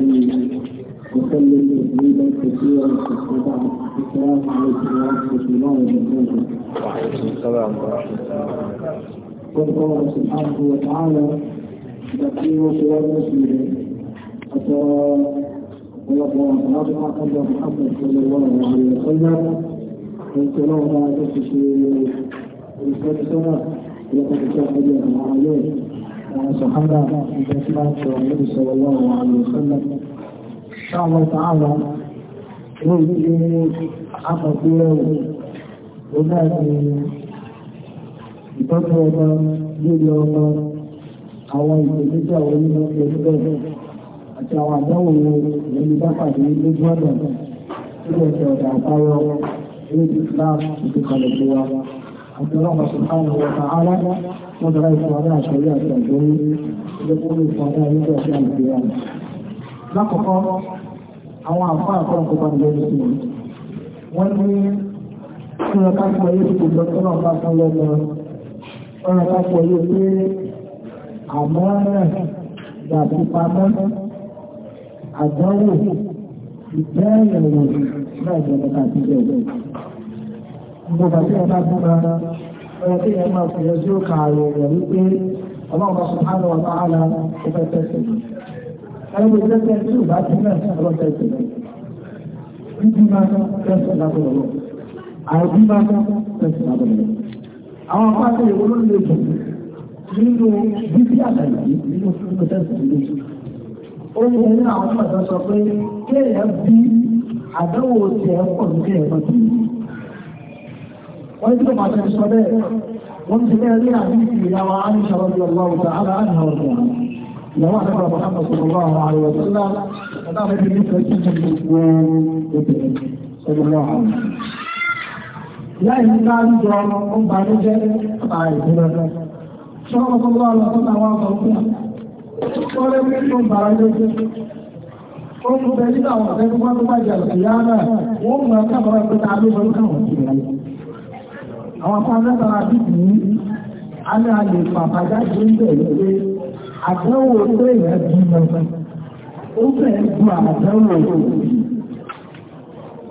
العالمين وسلم تسليما كثيرا وبعد السلام عليكم ورحمه الله وعليكم السلام ورحمه الله وبركاته. قل الله سبحانه وتعالى تقديم صور المسلمين حتى ولقد رجع محمد صلى الله عليه وسلم قلت له لا تشتكي الفتنه لقد شهدت العالمين وعن صحابة الإسلام والنبي صلى الله عليه وسلم إن شاء الله تعالى نريد حقق له وذلك ìtọ́jọba lílọ ọmọ àwọn ìpèníjà onímọ̀ ẹgbẹ́ àti àwọn àdáwò ìlú dápàdé lójú ọ̀nà tí ó ṣe ọ̀dà àbáwọ̀ ní ìsìláàmù ìdíkalẹ̀ tó wa àti ọlọ́mọ sùn àwọn ọ̀tá alágbá wọ́n tọ́ra ìfọ̀dá àṣẹrí àṣàjọ ní lẹ́kọ́lù ìfọ̀dá nígbà tí a ń gbé wọn. lákọ̀ọ́kọ́ àwọn àfọ́ àfọ́ àkọ́kọ́ ní lẹ́nu sí wọ́n ní kí wọ́n ká pọ̀ yé kò lọ sọ́nà bá fún lọ́wọ́ wọ́n ká pọ̀ yé pé àmọ́ náà dàbí pamọ́ àdánwò ìjẹ́ ìrìnàjò náà ìjọba àti ìjọba. Gbogbo àti ọba gbọ́dọ̀ ọ̀rọ̀ tí yẹn máa fi ojú ka àyẹ̀wò wípé ọlọ́run bá sùn hánà ọ̀tá àlà ọ̀fẹ́ tẹ̀sẹ̀. ẹni tó tẹ̀sẹ̀ tí ò bá ti náà sí ọ̀rọ̀ tẹ̀sẹ̀. bíbí máa tán tẹ̀sẹ̀ lábọ̀rọ̀ lọ. àìbí máa tán tẹ̀sẹ̀ lábọ̀rọ̀ lọ. àwọn apá tó yẹ wọ́n lè jù nínú bíbí àtàlẹ́ nínú fún tẹ̀sẹ̀ lójú. ó ní ẹni àwọn ọmọ ìjọ sọ pé kéèyàn bí àdánwò tiẹ̀ pọ̀ wọ́n tí ó máa tẹ́ sọ bẹ́ẹ̀ wọ́n ti bẹ́ẹ̀ rí àdíkì ìyàwó àríṣà rọ́bí ọlọ́run tààrà àríṣà ọ̀rọ̀ ìyàwó àríṣà Muhammad sallallahu alaihi wa sallam ọ̀dá mẹ́bí ní fẹ́ẹ̀kì ti gbogbo obìnrin sallallahu alaihi láì ní ká ń jọ ó bá ní jẹ́ àìsíra sọ́kọ̀ sallallahu alaihi wa sallam wọn sọ fún ọ lé pé ó bá ní jẹ́ ó ń bẹ nígbà wọn fẹ́ fún wọn tó bá jẹ àlùkò yára wọn mú ẹ káàbọ̀ ẹ pé ta ló fẹ́ káwọn ti rẹ̀ àwọn kan lẹ́tara bíbí ní alẹ́ alè pàpàdá tó ń bẹ̀rẹ̀ pé àtẹ́wò pé ìyá bí lọ ó bẹ̀rẹ̀ ju àtẹ́wò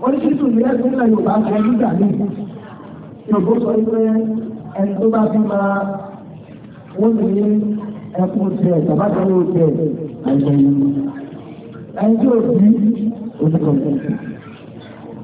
oríṣiríṣi ìrẹ́ ìpínlẹ̀ Yorùbá sọ nígbà ní ìgbó sọ pé ẹni tó bá fi máa wọ́n ní ẹkùn tẹ̀ tàbátàwò tẹ̀ àìsàn ẹni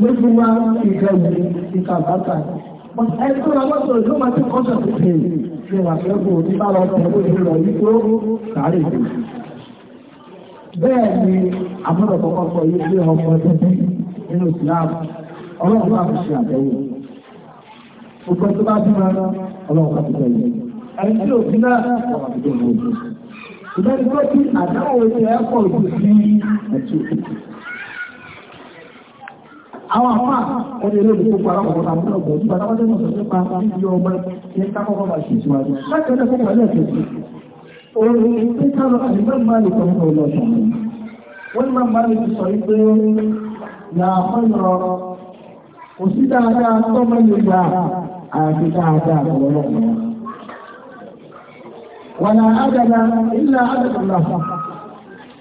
lójú máa ń ìjọ ìlú ìka bàtà. Ẹni tó ra mọ́tò ló máa tí kọ́sọ̀ tó ṣe ṣe wà fẹ́kù ní bá lọ tẹ̀ ó ṣe lọ yí tó sáré ìlú. Bẹ́ẹ̀ ni àmúlọ̀ kọ́kọ́ sọ yí pé ọmọ ẹgbẹ́ nínú ìsìláàmù ọlọ́run máa àwọn afá ẹni olóògbé gbogbo àwọn ọ̀pọ̀ta àwọn ọ̀pọ̀ nígbà táwọn ọjọ́ ìmọ̀sán nípa ibi ọmọ ní kákọ́kọ́ bá ṣe ìṣúwájú láti ọjọ́ fún ìwàlẹ̀ ẹ̀kẹ́kẹ́ orin tí káàlọ́ àdìgbọ́n máa lè kọ́kọ́ ọlọ́sàn wọ́n máa máa lè sọ wípé yàáfọ́ ìrọ̀ kò sí dáadáa tó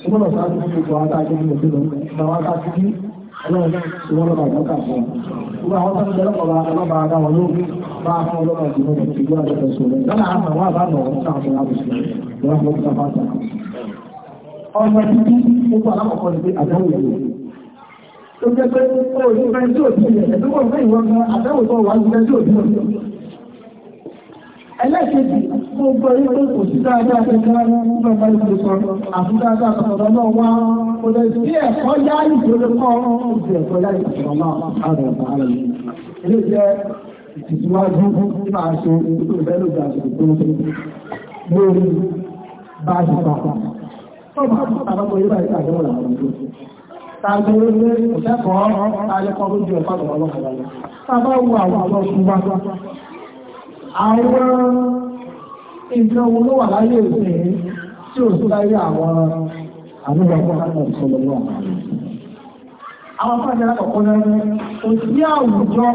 ṣùgbọ́n ọ̀sán fún gbogbo àwọn tó ń jẹ lọ́kọ̀ọ́ba ọlọ́ba ara wọn ló bá fún ọlọ́ba ìjọba tó ti gbọ́ àjọ ẹ̀sùn rẹ̀ lọ́nà àmọ̀ wọn àbá mọ̀ ọ̀sán àti àbùsùn lọ́wọ́ fún ọjọ́ bá ta. ọmọ títí gbogbo alákọ̀ọ́kọ́ ni pé ẹlẹ́kẹ̀ẹ́jì tó gbọ́ wípé kò sí dáadáa kẹta nígbà bá ìlú sọ àti dáadáa kọ̀ọ̀dọ́ náà wá kò lè sí ẹ̀kọ́ yá ìṣòro kọ́ òṣì ẹ̀kọ́ yá ìṣòro náà àrùn àrùn ilé jẹ́ ìtìsíwájú nípa lójú ẹ̀fà lọ́wọ́. Tàbá wo àwọn àwọn ọkùnrin àwọn nǹkan ló wà láyé ìsìn tí ò sí láyé àwọn àmúgbàgbọ́ àwọn ìṣẹ̀lẹ̀ náà àwọn afẹ́fẹ́ lákọ̀ọ́kọ́ náà kò sí àwùjọ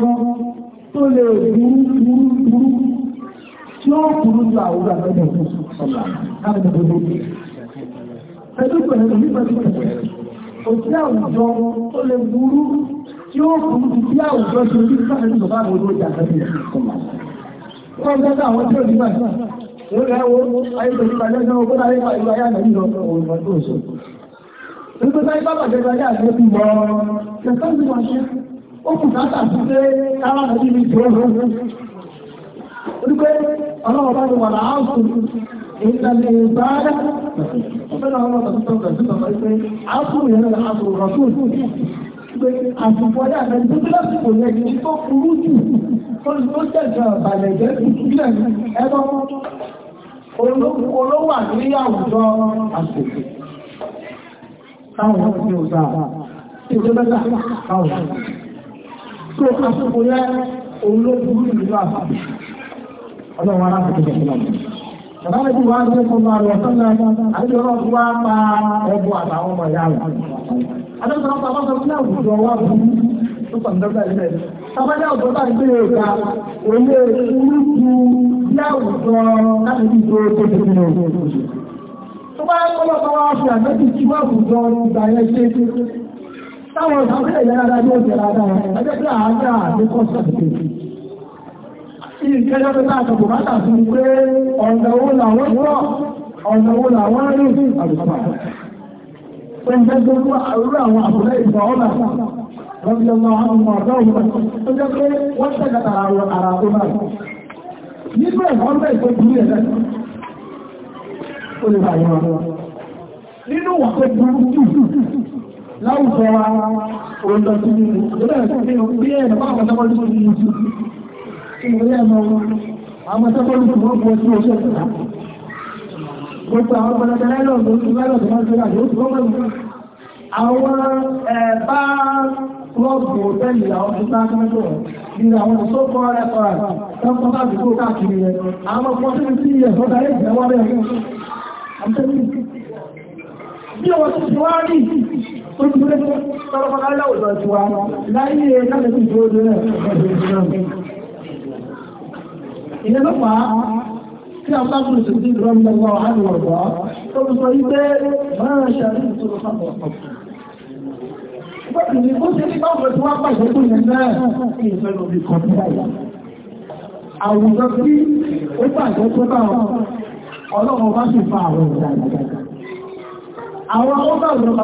tó lè burú burú burú tí ó burú ju àwùjọ àgbẹ̀dẹ̀ sọ̀lá láti gbogbo pẹ̀lú pẹ̀lú pẹ̀lú pẹ̀lú kò sí àwùjọ tó lè burú tí ó burú ju bí àwùjọ ṣe rí sáà ní bàbá àwọn olóòjà àgbẹ̀dẹ̀ sọ̀lá wọ́n jẹ́ àwọn tí ó bọ́lá ayébà ìlú tó sọ. wà pé àtùpọ̀dá rẹ̀ tó tó lásìkò rẹ̀ ní tó burú jù tó tẹ̀sán àbàlẹ̀ jẹ́ ìpínlẹ̀ ẹgbẹ́ olówó àti àwùjọ àsìkò táwọn ọmọ tí ó sáà tí ó bẹ́ta káwọn tó àsìkò rẹ̀ olóògùn ìlú àsìkò ọlọ́run aláàbò tó tẹ̀sán ń gbé fún ọmọ àrùn ọ̀sán náà, àjọ náà ti wá pa ẹbù àtàwọn ọmọ ìyá rẹ̀ adọ́sọ̀rọ̀ bàbá sọ pé àwùjọ wa bú tó pàǹdọ́gbà ilẹ̀ tabajá ọ̀dọ́ bá gbé ẹ̀ka òye ìlú ju bí àwùjọ láti fi tó tó tó nínú tó bá kọ́lọ́kọ́ wá fi àgbẹ́jì tí wọ́n àwùjọ ìgbà yẹn ṣe táwọn ìsàkúrẹ̀ yẹn rárá ní àdékọ́ sọ̀tẹ̀ ìkẹjọ́ tó bá àtọ̀kọ̀ bá tà pé ọ̀nà wo làwọn rọ̀ ọ̀nà wo làwọn rí àbùkọ́ pẹ̀lẹ́gbẹ̀rún àrúrà àwọn àbúrá ìgbà ọ̀nà rọ́bí ọmọ àwọn ọ̀dọ́wọ̀n tó jẹ́ pé wọ́n tẹ́gàtà ara tó náà nígbẹ̀ wọ́n bẹ̀ tó burú ẹ̀lẹ́ ó lè bà yọ ọ̀rọ̀ nínú wà tó burú jù láwùjọ wa òǹdọ̀ tó nínú bí ẹ̀rọ bá àwọn tọ́kọ́ lóṣù nínú jù gbogbo àwọn ọmọdé lẹ́lọ́ tó ti lẹ́lọ́ tó máa ń sọ́ra yóò tó gbọ́gbọ́n àwọn ẹ̀bá klọ́ọ̀bù òtẹ́lì àwọn tó bá kọ́ńtò ní àwọn ìṣòkò rẹpàá tọ́kọ́ bá dùkú káàkiri rẹ̀ àwọn ọmọ tó ti yẹ sọ́dá lè jẹ́ wọ́n rẹ̀ bí wọ́n ti ti tó ti lé tí a bá gbọ́dọ̀ sí ìrọ̀lọ́wọ́ àdúrà tó sọ wípé máa ṣàlùfẹ́ tó lọ sábà ọ̀pọ̀. Bọ́ọ̀lù ni ó ṣe ní báwọn tó wá pàṣẹ tó yẹn náà ní ìfẹ́ lórí kọ̀ọ̀tà yìí. Àwùjọ tí ó pàṣẹ tó bá ọlọ́run bá sì fa àwọn ìdàgbàgbà. Àwọn ọgbà ìjọba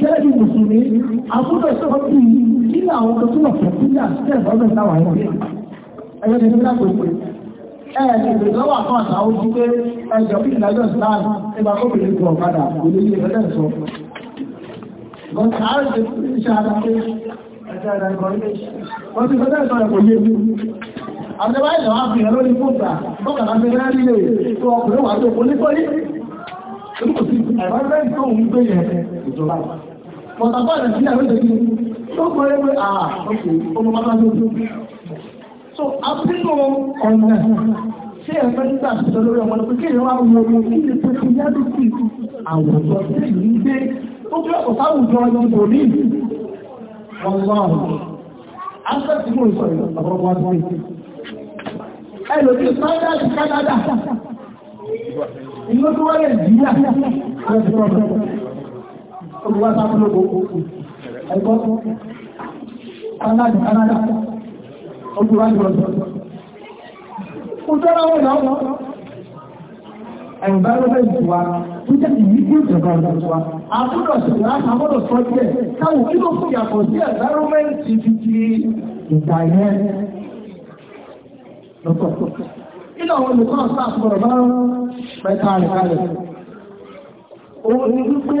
kẹ́lẹ́ mùsùlùmí àbúrò sọ kí ni àwọn tó túnbọ̀ fún kí ní àṣìṣe ìfọ́nbẹ̀ táwọn ẹ̀rọ fi ẹ̀rọ ní fún ìgbà, bọ́kànlá fi rẹ́ nílé tó ọkùnrin wà tó kò ní kọ́ ní. ẹ̀rọ rẹ́ tó ń gbé yẹn ìjọba. Mọ̀tàbá Nàìjíríà ló dẹ̀kí tó kọ́ ẹ pé àà ọkọ̀ ọmọ bàbá ló dé. So àpínú ọ̀nà ṣé ẹ fẹ́ nígbà tó lórí ọmọ lọ́pẹ́ kéèyàn wá wọ ọmọ kí ni pé kí ní àdúgbò àwùjọ tí ì ń gbé ó fẹ́ ọ̀tá àwùjọ ọjọ́ kò ní ọgbọ́n. Afẹ́ tí mo sọ ìlú ọ̀pọ̀ wọn wá sí. Ẹ lò ní Canada Canada. Ìlú tó wá Nàìjíríà olùwà sábúlò gbogbo ẹ̀kọ́ Canada Canada olùwà jọ̀ọ̀jọ̀ ó tọ́ra wọn lọ́wọ́ environment wa ó jẹ́ ìyíkú environment wa àbúrò ṣèlú àtàbọ̀dọ̀ sọ díẹ̀ káwọn kí ló fún ìyàtọ̀ sí environment ti ti ìgbà yẹn lọ́tọ̀ọ̀tọ̀ nínú àwọn olùkọ́ ọ̀sán àtúbọ̀rọ̀ bá ń pẹ̀ka rẹ̀ kalẹ̀ òun ni wípé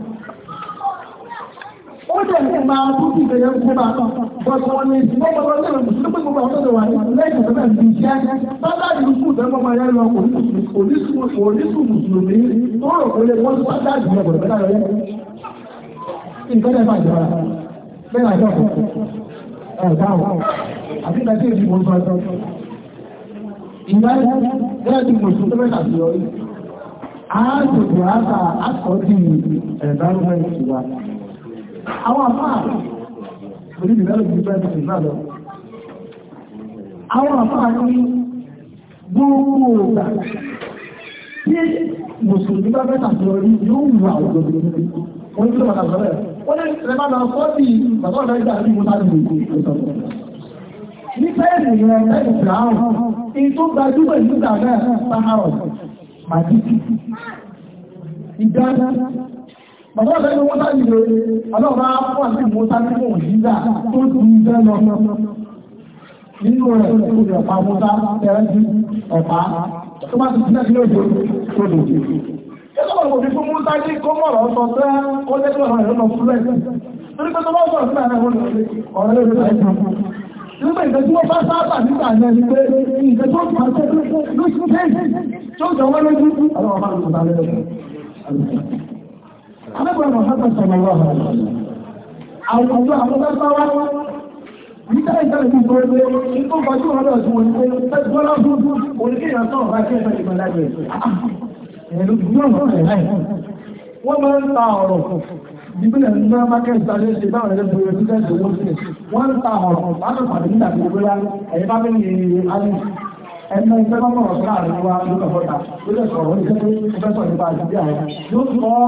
ó ní máa tún kí ìbẹ̀rẹ̀ ń fún bàtàn bọ̀dọ̀ ní ìgbọ́gbọ́ lọ́wọ́ mùsùlùmí gbogbo àwọn ọ̀dọ́ wà lẹ́yìn ọ̀dọ́ ní iṣẹ́ bàbá ìlú kù tẹ́ mọ́mọ́ yẹn lọ onísù mùsùlùmí tó rò kó lè wọ́n bá dá ìjìnlẹ̀ bọ̀dọ̀ bẹ́ẹ̀ lọ́yẹ́ nǹkan ẹ̀ máa jọra bẹ́ẹ̀ àjọ kò ẹ̀ dáhùn àti ìdájọ́ ìdìbò ń sọ ìyá bẹ́ẹ̀ ni mùsùlùmí àti ọ̀rí àásùkù àtà àkọ́jì ẹ̀dá àwọn àfáà orí ìrẹ́lẹ̀ ìlú bẹ́ẹ̀ ti àwọn àfáà ní gbogbo ọ̀gbà tí mùsùlùmí bá bẹ́ẹ̀ tàbí orí yóò wù àwọn òdòdó tí ó bàtà sọ́rẹ̀ ó ní ẹ̀rẹ́bá lọ sọ́ bí bàbá ọ̀dọ́ Bàbá ọ̀sẹ̀ ni wọ́n sá ìlú ọlọ́ọ̀bá wà sí ìmúta tí kò yíyá tó ju iṣẹ́ lọ. Nínú rẹ̀ kò lè pa mọ́ta tẹ̀rẹ́ sí ọ̀pá tó bá ti sílẹ̀ sílẹ̀ òjò tó lò. Ẹgbẹ́ òbí fún Múta ní kó mọ̀rọ̀ sọ pé ó lé ọ̀rọ̀ lọ fúlẹ̀. Torí pé tó bá sọ̀rọ̀ sílẹ̀ náà ọ̀rọ̀ lè rẹ̀ alábọ̀rọ̀ àwọn ọjọ́ àwọn lọ́sọ́wọ́ nígbà ìtàlẹ̀ ti sọ pé ikú gbajú wọn lọ sí wọn pé bọ́lá dúdú oníkéèyàn náà bá kí ẹ̀fẹ́ ìgbà lágbẹ̀ẹ́ ẹ̀rù yóò rọ̀ rẹ̀ láì wọ́n máa ń ta ọ̀rọ̀ ìbílẹ̀ ní market sáré ṣe báwọn ẹgbẹ́ bóyá títẹ̀ tó wọ́n sílẹ̀ wọ́n ń ta ọ̀rọ̀ láti pàdé nígbà tó bóyá ẹ̀yẹ bá bẹ́ẹ̀ ní alú ẹgbẹ́ ìgbẹ́ bá mọ̀rọ̀ sí àárín wa lókè fọ́ta lókè sọ̀rọ̀ ní pé ó fẹ́ sọ̀rọ̀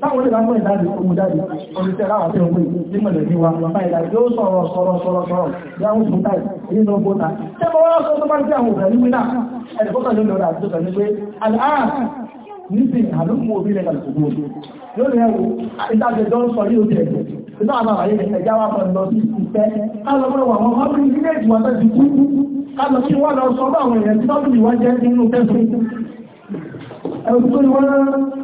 táwọn olùgbàmọ́ ìdájì ọmọ ìdájì oríṣẹ́ láwọn tí ó pè ní mọ̀lẹ̀bí wa fàìlà yóò sọ̀rọ̀ sọ̀rọ̀ sọ̀rọ̀ sọ̀rọ̀ yáwùn fún táì nínú ọgbọ́ta tẹ́bọ̀ wọ́n sọ tó bá jẹ́ àwọn òkè nígbìnà ẹ̀dẹ̀kọ́kọ̀ ló lọ́ra àti ọ̀gbẹ̀ nígbé al'áà níbi àlùkù orí rẹ̀ kàlùkù lórí ẹ̀wò ìdájẹjọ́ ń sọ ní ojú ẹ̀jẹ̀ ìdá àwọn àwàyé ẹ̀já wa kan lọ sí ìfẹ́ kálọ́gbọ́n wà wọ́n wọ́n rí ilé ìwọ̀n tó ti kú kálọ́ sí wọ́n lọ sọ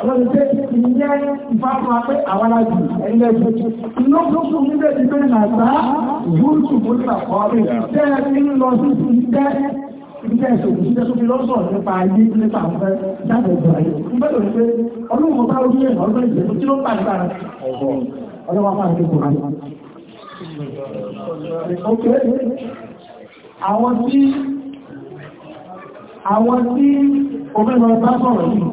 Àwọn ìgbé ìyẹ́ ìfáfún apẹ́ àwọn alájù ẹgbẹ́ ìgbẹ́. Inú tó kù níbẹ̀ ti bẹ́ẹ̀ nà sá, gúúsù kò ní àkọọ́lẹ̀. Tẹ́ẹ̀ ti ń lọ sí ti tẹ́ ìgbẹ́ ìṣòkù sí tẹ́sùn lọ́sọ̀ nípa ayé nípa àwọn jáde ìgbà ayé. Ìgbẹ́ lò tí ó ń bá sọ̀rọ̀ yìí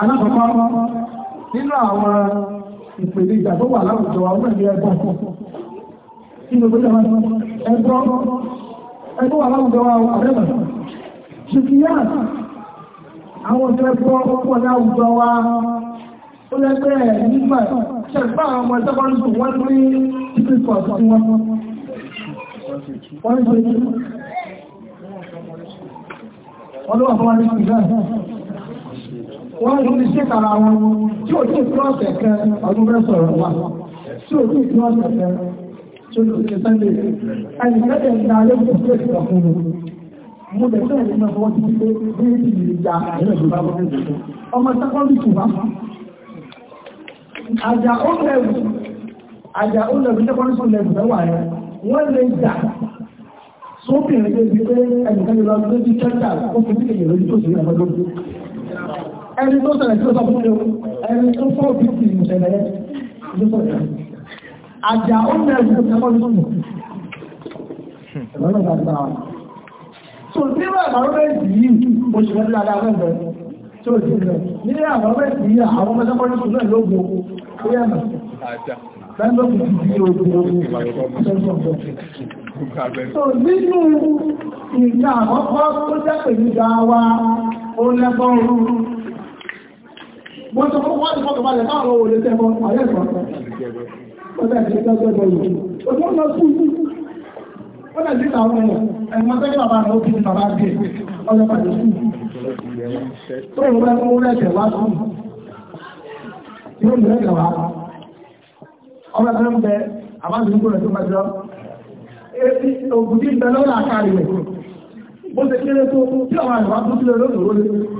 alákọ̀ọ́kọ́ nínú àwọn ìpèníjà tó wà láwùjọ àwọn ẹgbẹ́ ẹgbọ́n nínú gbẹ́jọ́ ẹgbọ́n ẹgbọ́n wà láwùjọ àwọn àrẹ́bà ṣùkìyà àwọn ọ̀dọ́ ẹgbọ́n pọ̀ láwùjọ wa ó lẹ́gbẹ́ nígbà ṣẹ̀gbọ́n àwọn ọmọ ẹgbẹ́ wọn tún wọ́n ní títí pọ̀ sí wọn wọ́n ń ṣe wọ́n ló wà fún wa ní ṣùgbọ́n wọ́n ló ti ṣe tara wọn tí ò tí ì fún ọ̀sẹ̀ kan ọdún bẹ́ẹ̀ sọ̀rọ̀ wà tí ò tí ì fún ọ̀sẹ̀ kan tí ó ti sẹ́lẹ̀ ẹni tẹ́lẹ̀ ní alẹ́ tó ṣe ìgbà fún mi mo lè fẹ́ ẹ̀rí náà wọ́n ti ṣe bí i ti ya ẹ̀rọ ìgbà ọmọ sẹ́kọ́ndì tù wá àjà ó lẹ́wù àjà ó lẹ́wù pé ẹnìkan lè lọ sí kẹ́kẹ́ àkókò tí èèyàn lójú tó sì rí ọmọdé ẹni tó ṣẹlẹ̀ tí ó sọ fún ẹni tó fọ́ òfìsì ìṣẹ̀lẹ̀ ló sọ àjà ó ń bẹ̀rẹ̀ fún ẹ̀kọ́ nínú mi ìgbàgbà wa tó ní ìwà ìbárọ́bẹ̀sì yìí oṣù mẹ́rin dáadáa fẹ́ So nínú ìta àkọ́kọ́ tó jẹ́ pẹ̀lú dáa ó lẹ́gbọ́n rúrú mo sọ fún wọ́n ti fọ́kàn balẹ̀ káwọn òwò lè tẹ́kọ̀ àyẹ̀ kan ọ̀dà ìdílé gbẹ́gbẹ́ yìí òtún lọ sí ó lè dín àwọn ẹ̀yàn ẹ̀mọ́ tẹ́lẹ̀ bàbá rẹ̀ ó fi ọjọ́ pàdé sí tó ń rẹ́ fún rẹ̀ wá sí yóò mú rẹ̀ wá ọmọ tó ń bẹ àbájú nígbò rẹ̀ tó bá jọ ògùdí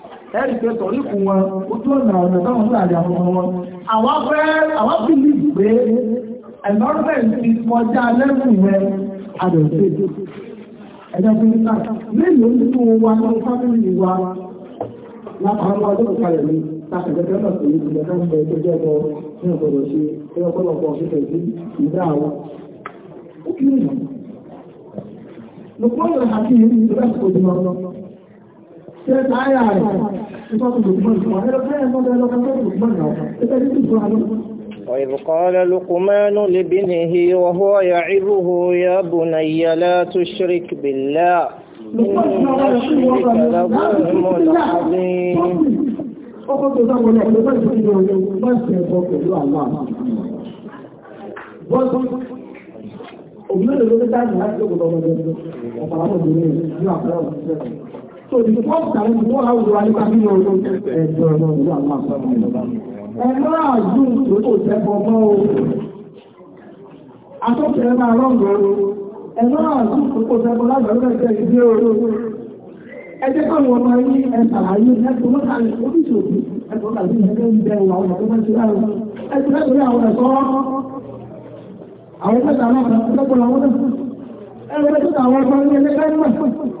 ẹ̀rì pé tọ̀rí kù wọn ojú ọ̀nà ọ̀nà táwọn ń ràrí àwọn wọn. Àwọn fẹ́ àwọn fi ní ìgbé environment ụwa kọjá lẹ́gùn rẹ̀ àdọ̀tẹ́. Ẹ̀jẹ̀ fún nípa mélòó ń fámìlì wa lápapọ̀ ọdún ní ṣe táyà rẹ̀ وإذ قال لقمان لابنه وهو يعظه يا بني لا تشرك بالله إن الشرك لظلم عظيم Òmìnira ló ń dájú láti ọ̀pọ̀lọpọ̀ ọmọdé ọ̀pọ̀lọpọ̀ obìnrin ní àpẹẹrẹ òṣìṣẹ́. So the first time, you know how you are looking at your ẹ̀jọ̀ ọ̀rọ̀ ìlú àwọn àpapọ̀ ìjọba. Ẹ máa dùn tó kò tẹ́kọ̀ọ́ mọ́ o. Atọ́kẹ̀ẹ́ máa rọ̀ǹgọ̀ o. Ẹ máa dùn tó kò tẹ́kọ̀ọ́ lágbàdo ẹ̀jẹ̀ ìdí oró. Ẹ jẹ́ káwọn ọmọ yín ẹ ṣàlàyé ẹ̀sùn mọ́ta ní oríṣiríṣi ẹ̀sùn tàbí ẹgbẹ́ ń bẹ wà ọmọ tó máa ń ṣe láàrú. Ẹ̀sùn lẹ́gbẹ̀ẹ́ àwọn ẹ̀kọ́ àwọn ẹgbẹ́ tàwọn ọmọ ẹgbẹ́ tàwọn ọmọ ẹgbẹ́ tàwọn ọmọ ẹgbẹ́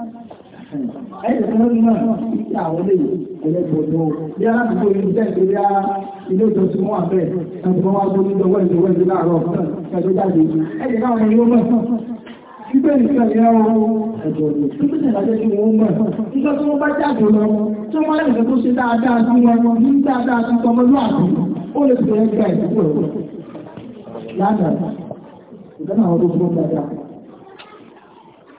Ẹ̀yìn tó lórí náà ní àwọn ilé ẹlẹ́gbọ̀dọ̀ bí aládùúgbò yìí jẹ́ ìpínlẹ̀ á ilé ìjọsìn wọn àbẹ̀ àti wọn wá tó ní ìjọwọ́ ìjọwọ́ ìjọ láàárọ̀ ẹ̀jọ́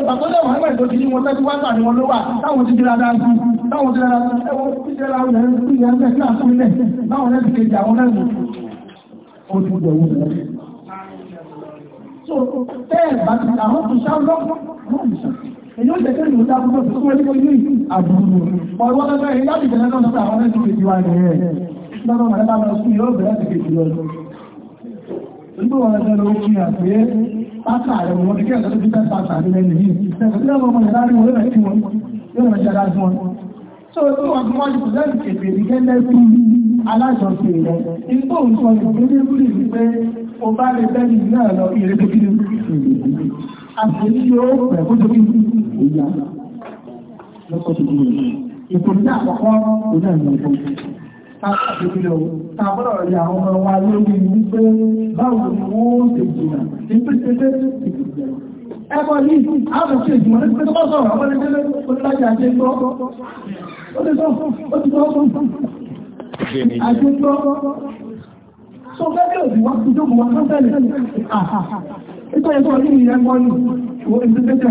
tó tó lẹ́wọ̀n ẹgbẹ́ tó ti ní wọn tẹ́tí wáta ni wọn ló wà táwọn ti dira dáa sí táwọn ti dira ẹwọ́n ti dira ọ̀rẹ́ sí ìyá ẹgbẹ́ sí àfúnilẹ̀ láwọn ẹ̀sì kejì àwọn ẹ̀sì ó ti jẹ owó rẹ̀. so bẹ́ẹ̀ bàtí àwọn tó ṣá lọ́pọ̀ èyí ó jẹ́ kéèyàn dá púpọ̀ tó wọlé wọlé àbúrò ọ̀rọ̀ ọ̀gá ẹ̀yìn láti bẹ̀rẹ̀ náà sọ́tà àwọn ẹ̀sì kejì wa nìyẹn lọ́dọ̀ màdá lọ sí yóò bẹ̀rẹ̀ ẹ̀sì kejì lọ́dọ̀. ìgbó wọn ẹgbẹ́ ló kí àpé pátá rẹ̀ wọ́n ti kẹ́ẹ̀kọ́ tó fi fẹ́ pátá rẹ̀ lẹ́nu yìí ìṣẹ́kọ̀ tí wọ́n mọ̀ yàrá rí wọn lẹ́nu wọn yóò mọ̀ ṣẹ́ra sí wọn. so tó wọn fi wájú lẹ́nu kèfè ní gẹ́lẹ́ sí aláṣọṣe rẹ̀ ipò nǹkan ìgbélé lórí wípé o bá lè bẹ́ni náà lọ ìrẹ́ tó kiri àṣírí yóò pẹ̀ kó tó kiri ìyá lọ́kọ̀ tó kiri ìpòlítà àkọ́kọ́ òun náà Àbúrò rẹ̀ àwọn ọmọ wa lórí wípé báwo ni wọ́n ṣe jìnà ní pípẹ́lẹ́ ẹgbọ́n ní àwọn ṣe ìjìnà ní pípẹ́ tó bá sọ̀rọ̀ àwọn ẹgbẹ́lẹ́ onílájà àti ẹgbọ́. Ó ti tọ́ fún àti ẹgbọ́. So fẹ́lẹ́ òdì wá sí jókòó wá fún fẹ́lẹ̀. Ìtọ́ ẹgbọ́n ní ìrẹ́gbọ́n ní ìwọ̀n ìgbẹ́gbẹ́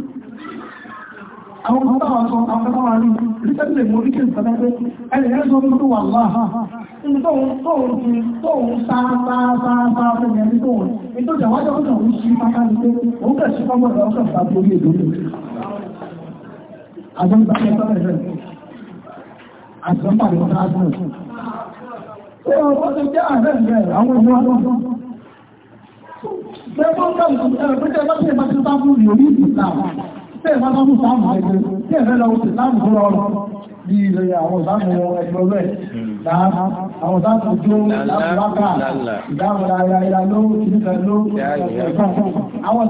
àwọn ọmọ táwọn sọ àwọn táwọn rí lítẹ́lẹ̀ mọ́ oríkè ìsànlẹ́gbẹ́ ẹni ẹ̀ sọ fún wà láà ní tóun tóun ti tóun sáásáásáásá fún ẹni tóun ní tó jẹ́ àárẹ̀ rẹ̀ àwọn ọmọ ọlọ́sán. Bẹ́ẹ̀ bọ́ ń bá ìṣẹ̀lẹ̀ pé jẹ́ bá ṣe bá ti bá fún ìròyìn ìgbà. Tẹ́ẹ̀ bá tọ́ fún sáàmù ẹgbẹ́, tẹ́ẹ̀ fẹ́ lọ sí sáàmù fún ọrọ̀ bí ilẹ̀ àwọn sáàmù ẹgbẹ́ rẹ̀, láàá, àwọn sáàmù jó, láàbùlákà, ìdáhùn ara ìlà ló, ìdíkà ló, ẹ̀kọ́. Àwọn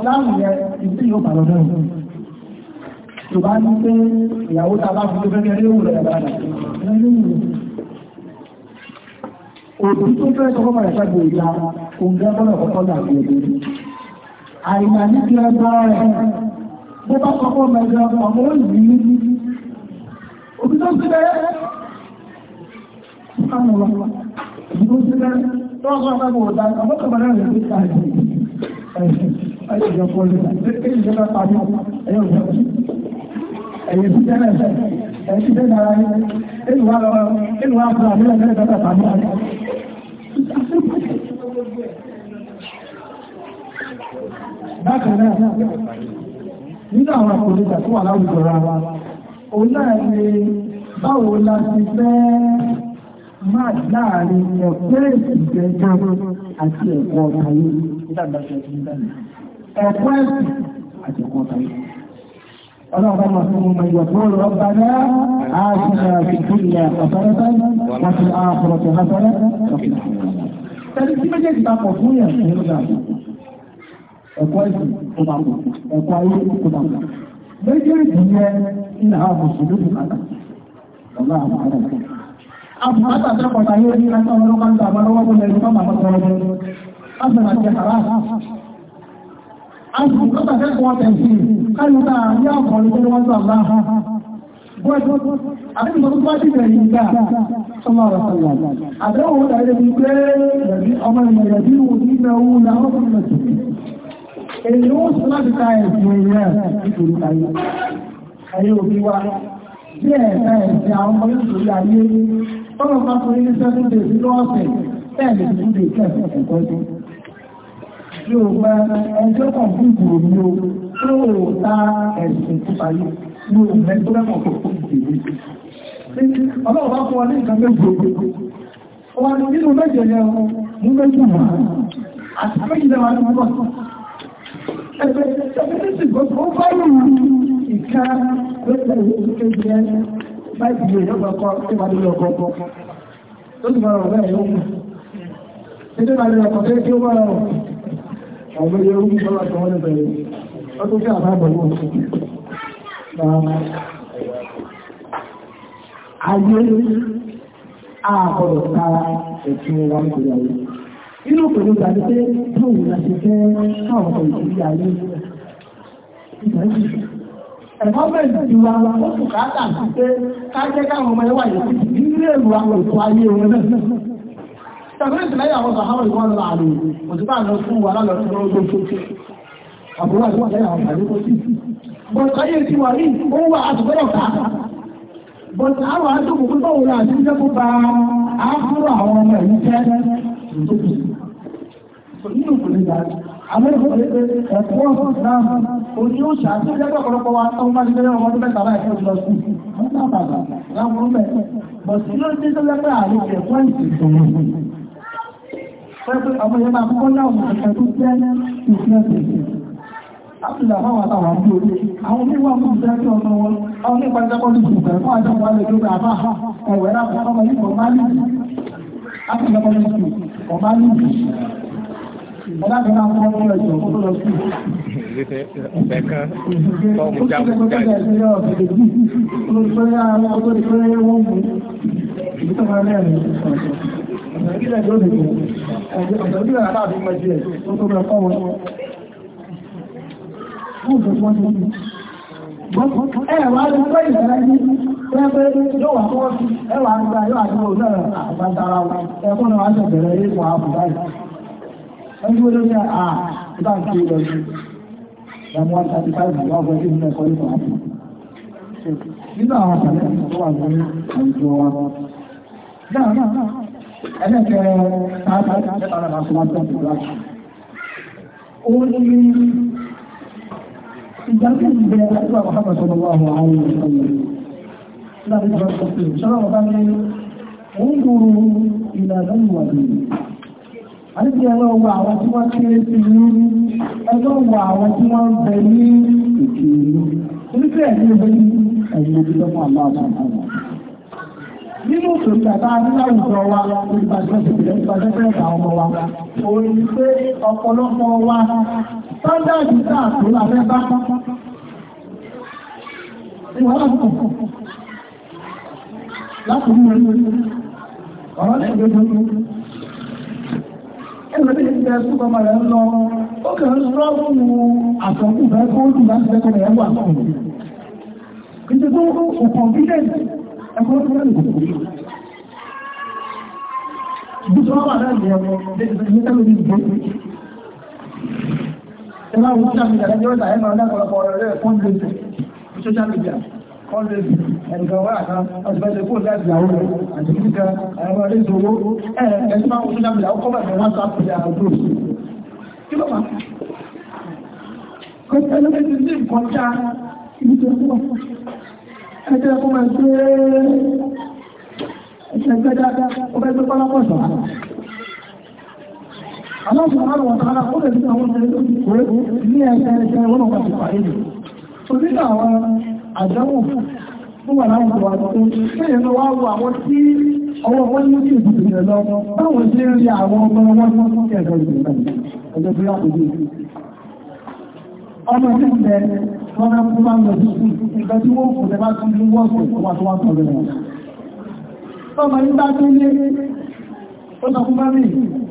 bó bá sọ fún ọmọ ẹgbẹ́ ọmọ ọmọ òyìnbí ní ní òbí tó ń ti bẹ́ẹ̀ sánà wà òbí tó ń ti tó ń sọ fún ọmọ ọ̀dà àbọ̀ tó bẹ̀rẹ̀ rẹ̀ nípa ẹ̀sìn ẹ̀sìn ìjọpọ̀ lè ẹ̀yìn ìjọba pàdé ẹ̀yìn ìjọba ẹ̀yìn ìjọba ẹ̀yìn ìjọba ẹ̀yìn ìjọba ẹ̀yìn ìjọba Bákan náà, nínú àwọn àpòlẹ́jà tó wà láwùjọ ra wa òun náà ni báwo la ti fẹ́ máa láàrin ẹ̀kọ́ ìsìnkẹ́ ìjọba àti ẹ̀kọ́ ọ̀tàyé ẹ̀kọ́ ẹ̀sìn àti ẹ̀kọ́ ọ̀tàyé ọlọ́run máa fún ọmọ ìyọ̀kọ́ ọ̀rọ̀ba náà ààfin àfikún ilẹ̀ ọ̀sọ̀rọ̀ta wọ́n ti ààfọ̀rọ̀tọ̀ ẹ̀kọ́ ìsìn tó bá pọ̀ ẹ̀kọ́ ayé tó bá pọ̀ méjèèjì yẹ ní àwọn mùsùlùmí kàtà ọ̀gá àwọn ará ìfẹ́ àbùkátà tẹ́kọ̀ọ́ta yé ní ẹ̀kọ́ ọ̀rọ̀ máa ń gbà máa lọ́wọ́ bọ́lẹ̀ ìfọ́ màmá kọ́ ọ̀rọ̀ lásìkò àti àrà àbùkátà tẹ́kọ̀ọ́ tẹ̀sí káyọ̀tà ní àkọ́rin tó wọ́n gbà máa ha Gbọ́dọ̀ àti ìgbọ́dọ̀ bá dìbẹ̀ yìí gbà sọ́mọ́ ọ̀rọ̀ sọ́yà. Àbẹ́wò rẹ̀ lè fi pé ọmọ ìmọ̀ ìrẹ̀bí wo nínú ẹ̀wù làwọn ọkùnrin èyí ó sì láti ta ẹ̀sìn ìrẹ́ nítorí ayé ayé òbí wa bí ẹ̀ẹ̀ta ẹ̀sìn àwọn ọmọ nítorí ayé tọ́lọ̀ bá ní sẹ́kùn dè sí lọ́ọ̀sẹ̀ tẹ́ẹ̀lì tó dè kẹ́ẹ̀sì ẹ̀kọ́ sí tí ó gba ẹjọ́ kan fún ìgbòho ní o tó ta ẹ̀sìn ẹgbẹ́ ìṣẹ́gbẹ́sì gbogbo báyìí ìka pẹ́pẹ́ ìwé jẹ́ báyìí ìwé lọ́gbọ̀kọ́ tí wà nílò ọgọ́gọ́ tó ti máa rọ̀ bẹ́ẹ̀ yóò mú títí máa nílò ọkọ̀ tí ó máa rọ̀ ọ̀gbẹ́ yóò mú sọ́lá tó wọ́n lè bẹ̀rẹ̀ ó tó fẹ́ àbábọ̀ ní oṣù ayé àkọlọ̀ nínú pẹ̀lú ìgbàlẹ́ pé báwo la fẹ́ káwọn ọmọ ayé ẹ̀kọ́ bẹ̀rẹ̀ ti ó kù káàtà sí pé kájẹ́ káwọn ọmọ ẹwà yìí nílé èrò àwọn ètò ayé wọn náà tàbí ìtìlẹ́yìn àwọn sàháwọ̀ lọ àlè òtúbà lọ fún wa lálọ́ sí ọjọ́ tó tó tó sí bọ̀t ayé ọmọ ẹ̀yìn jẹ́ tó tó nínú kò lè dájú. Àwọn ìfọ̀ lè pe ẹ̀kọ́ náà oní ó ṣàtì ẹgbẹ́ ọ̀pọ̀lọpọ̀ wa tó máa lè ọmọdé mẹ́ta láì fún ìlọ sí. Wọ́n náà bàbà láwọn ọmọ ẹ̀. Bọ̀sí ló dé tó lẹ́gbẹ́ àlè ẹ̀kọ́ ìsìnkú. Pẹ́pẹ́ ọmọ yẹn máa kọ́ láwọn ìṣẹ̀kẹ́ tó jẹ́ ìṣẹ́ àtìlà fáwọn àtàwọn àbúrò àwọn oníwà fún ìdájọ́ ọmọ wọn àwọn nípa ìdájọ́ ní ìgbà fún àjọpọ̀ alẹ́ tó bá bá ẹ̀wẹ̀ láti ọmọ yìí kọ̀ máa lùú àtìlọ́pọ̀ lọ́sùn kọ̀ máa Ọlágbẹ̀rẹ̀ Ẹ̀wà ń gba yóò àjọ òun náà àgbàtara ẹkùn náà wájọ̀ bẹ̀rẹ̀ yóò wà ápù wọ́n dúró lórí àà ìbá ń kiri lọ́jọ́ ìdàmú wa tàbí káàkiri wà fún ìdílé ẹ̀kọ́ ìkọ̀ àti nínú àwọn àpàlẹ́ tó wà àti ẹlọ́wọ́ àwọn tí wọ́n kéré sí inú ụgbọ àwọn tí wọ́n ń ní òkè inú oníkẹ́ ẹ̀mí ẹgbẹ́ ní ẹ̀yìn òkúta fún àmọ́ àwọn àwọn nínú òkè tàbá níláwùjọ wa olùbàjọ́sẹ̀fẹ̀ ẹgbẹ̀rẹ̀ ìgbẹ̀ ṣúgbọ́n máa rẹ̀ ń lọ ó kẹ̀rẹ̀ ṣọ́ọ̀fù àtọ̀kù fẹ́ kó dùn láti lẹ́kọ̀ọ́ rẹ̀ wà náà ìdí tó kò confidence ẹ̀kọ́ tó rẹ̀ nìkò ìdí tó wà náà ní ọmọ ẹgbẹ̀rẹ̀ ìgbẹ̀ ẹ̀láwọ̀ social media ẹgbẹ̀rẹ̀ ìgbẹ̀ kọ́lẹ̀sì ẹ̀dùkọ̀wà kan ọ̀sìbẹ̀lẹ̀ kó láti ìyàwó rẹ̀ àti kíkà ẹ̀rọ ilé ìṣòwò ẹ̀ẹ̀kẹ́sí máa ń fún ìjàmìlà ó kọ́bà ní wọ́n sáàpù ìyà àgbò kí ló máa kọ́ ẹlẹ́gbẹ̀ẹ́ sí nǹkan já ibi tó kọ́ ẹjẹ́ kó máa gbé ẹ̀ṣẹ̀ gbẹ́dá ó fẹ́ gbé pálápọ̀ sọ̀rọ̀ àwọn ọ̀sán àwọn ọ̀sán ó lè fi àwọn ọ̀sán ní àdánwò fún wà láwọn ìwà tó kéèyàn lọ wá wo àwọn tí ọwọ́ wọn ní kí ìdìbò rẹ̀ lọ báwọn ṣe rí àwọn ọmọ wọn tó ń kí ẹ̀dọ̀ ìdìbò rẹ̀ ọjọ́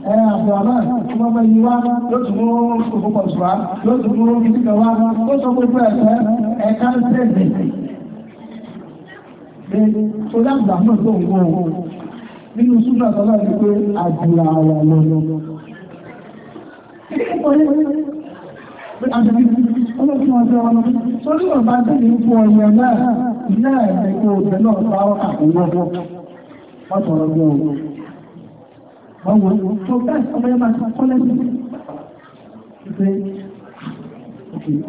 ẹ abdulrahman tí wọ́n bá yí wá yóò tún mú òkúkọ̀ ṣùgbọ́n yóò tún mú kíkà wá ó sọ gbogbo ẹ̀fẹ́ ẹ̀ka ń tẹ̀lé tó dáàbò àmọ́ tó ń gbọ́ nínú súnà tọ́lá ní pé àdúrà wà lọ́lọ́ Ọlọ́run ọjọ́ ọ̀nà sórí ọ̀bá tẹ̀lé ń fún ọmọ náà, ìlà ẹ̀kọ́ òtẹ́ náà bá ọkà òwúrọ̀. Wọ́n tọ̀rọ̀ gbọ́ ọ̀rọ̀ ọwọ́ tó bẹ́ẹ̀ ọmọ yẹn máa kọ́ lẹ́sìn pé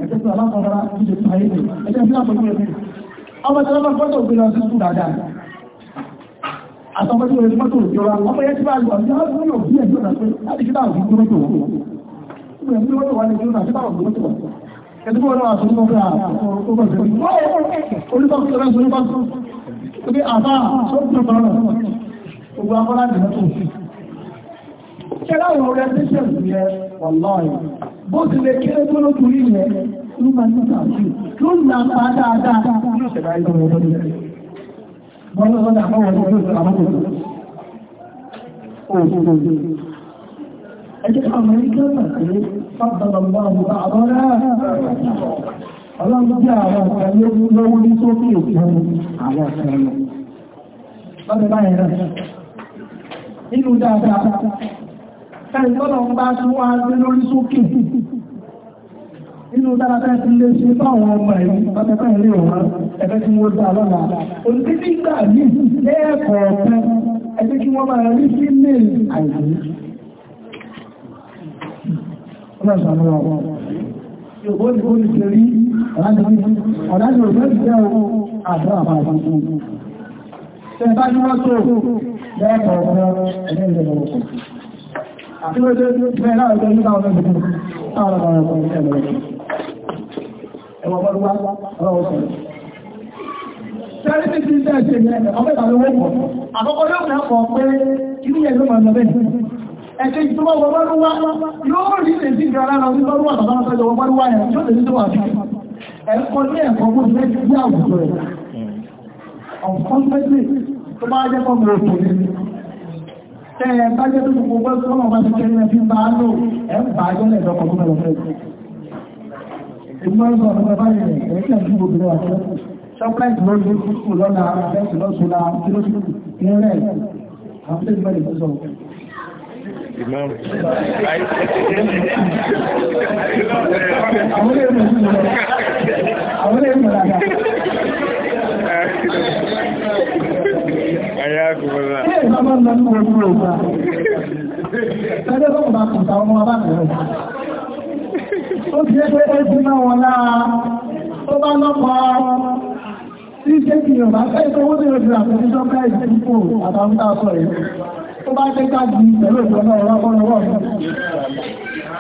ẹ̀jẹ̀ tó alákọ̀ọ́ra ń ṣe pàyé mi ẹ̀jẹ̀ tó àpòjú ọmọ tó lọ́mọ gbọ́dọ̀ òfin lọ fún dáadáa àtọ́mọ́tò rẹ̀ mọ́tò ìjọra ọmọ yẹn ti bá lọ sí ọdún tó mọ́tò wọn akọ́lá nìyẹn tó kẹ́láwọn orientation yẹ ọlọ́rin bó ti lè kéré tó lójú rí yẹ ló máa ní tàbí ló ń nà pa dáadáa ló ṣẹ̀dá ìlú ọmọ ọdún yẹn wọ́n lọ́wọ́ ní àwọn ọmọ ọdún àwọn ọmọ ọdún òṣèlú ẹjẹ́ amẹ́ríkà pàtàkì fàbàbàbà àbọ̀rá ọlọ́run jẹ́ àwọn ọ̀sẹ̀ lọ́wọ́ ní sókè òfin àwọn ọ̀sẹ̀ lọ Nínú dáadáa káyìn tọ́lọ̀ ń bá tún wá sí lórí sókè nínú dára fẹ́ ti lè ṣe fáwọn ọmọ ẹ̀yìn pátákó ilé ọ̀hán ẹgbẹ́ tí wọ́n dá lọ́la olùdíje ìgbà mí lẹ́ẹ̀kọ̀ọ̀kan ẹgbẹ́ tí wọ́n máa rí sí mail àìsí ọlọ́sàn-án ọ̀rọ̀ yóò ní ó ní ṣe rí ọ̀dájú òṣèlú jẹ́ ohun àdúrà àbára fún un ṣe bá ní wọ́n tó lẹ́ẹ̀kọ̀ọ̀kan ẹgbẹ́ ìrẹ̀lẹ̀ Tẹ́lifí ti ń tẹ́ẹ̀ṣe ìrìnlẹ̀ ọ̀pẹ́ ìtàlówó pọ̀. Àkọ́kọ́ yóò fẹ́ pọ̀ pé kí ní ẹ̀lú màá lọ bẹ́ẹ̀. Ẹ̀kẹ́ ìtumọ̀ wọ́wọ́rúwá yóò rí lè sí ìgbà lára onígbọ́rúwà tàbí ọ̀pẹ́ wọ́wọ́rúwá yẹn yóò lè sí tó wà sí. Ẹ̀kọ́ ní ẹ̀kọ́ mú fẹ́ sí àwùjọ rẹ̀. Ọ̀pọ̀ tẹ́ ẹ bá jẹ́ tó gbogbo gbọ́ sọ́nà bá ti kẹ́rin ẹ̀fí bá lò ẹ̀ ń bá jọ́lẹ̀ ìdọ́kọ̀ tó mẹ́lọ fẹ́ ìgbọ́n sọ ọ̀dọ́ bá yẹ̀ ẹ̀ẹ́kẹ́ ìjú obìnrin wà tẹ́lẹ̀ ṣọ́pẹ́ẹ̀t ló ní lọ́nà ẹ̀ẹ́kẹ́ lọ́sùn la kí ló àwọn tó ti bẹ́ẹ̀ lè sọ Alákùnrin. Ṣé ìgbàmọ́ ń lọ ní orí ọgbà? Ṣẹ́jẹ́ tó kùnbà kùnbà ọmọ abáàmì rẹ̀. Ó ti jẹ́ pé ẹjú náà wọn lára tó bá lọ́pọ̀ tí ṣé kì í ọ̀bá fẹ́ tó wọ́n ní ojú àtúntí sọ́kà ìdíkò àtàwọn tá a sọ yìí. Ó bá jẹ́ ká di pẹ̀lú ìjọba ọ̀rọ̀ ọ̀rọ̀ ọ̀rọ̀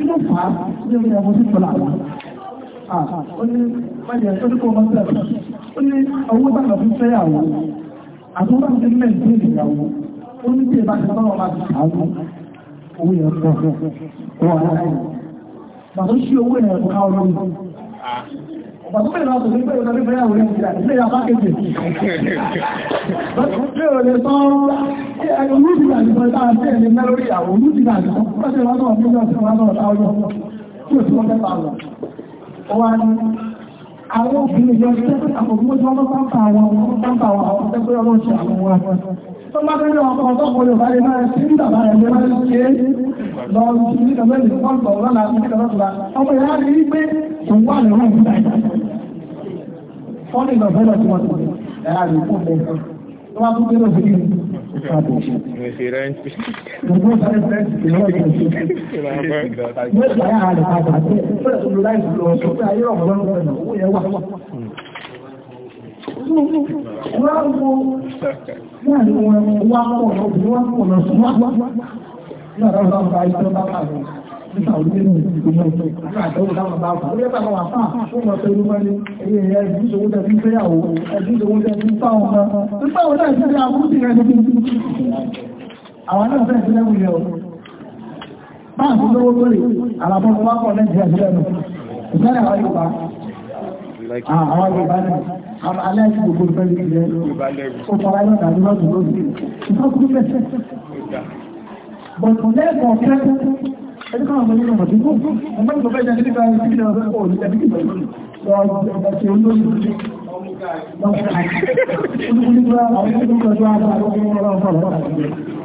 kí ló fà á ní orí ọmọ sí pẹ̀lú àwọn ọmọ sẹ́ẹ̀ ó fún fẹ́ yàwó àti owó àti ìyàwó ó ní tí ìbá ti bá wọn máa ti sàánú owó yẹn pọ̀ wọ́n aláìní bàbá sí owó yẹn ká ọlọ́run Bàtúmẹ̀ náà kò ní pé ìrọ̀lẹ́ fẹ́ àwọn ìrìnlẹ̀ ilé ìyá pákéjì. Bàtúmẹ̀ ò lè sọ ẹ̀rọ lúdìdà nìkan táa tẹ́ ẹ̀lẹ́ mẹ́ lórí àwọn olúdìdà nìkan. Pẹ́sẹ̀ wá náà fún ọjọ́ wá náà táwọn ọjọ́ tí ó tí wọ́n mẹ́ta lọ tó bá tẹ́lẹ̀ wọn kọ́kọ́ tọ́kọ́ lè báyìí máa ṣe ń dàbà rẹ̀ máa ń ṣe lọ sí ní kàbẹ́ lè kọ́ ọ̀rọ̀ lọ́la sí kàbẹ́ lọ́la ọmọ ìyá rí i pé òun wà lè wọ́n Nígbà orílẹ̀-èdè ìgbìmọ̀ ìgbìmọ̀ ìgbìmọ̀ àtọ́wò dáwọn bá wà. Orílẹ̀-èdè àwọn àfáà fún ọ̀pọ̀ ẹrù mẹ́rin, èyí ẹ̀yẹ ìdíṣòwò tẹ́ àwọn aláìsí gbogbo ìfẹ́ ìrìnlẹ̀ ó fara yọ́nà lọ́dún lórí ìfọ́kú mẹ́sẹ̀. bọ̀tún lẹ́ẹ̀kọ̀ọ́ kẹ́kọ̀ọ́ ẹni káwọn ọmọ nínú ọmọdé kó ọmọ ìgbọ̀fẹ́ ìjẹ́ nígbà ìpínlẹ̀ ọ̀rẹ́ kò ní ẹbí ìgbẹ̀lú lọ́ọ̀dẹ̀ ẹ̀ṣẹ̀ olóòrùn Olúkúlúgbà àwọn ìgbẹ̀lú ọjọ́ àwọn ọmọ ọmọ ọmọ ọmọ ọmọ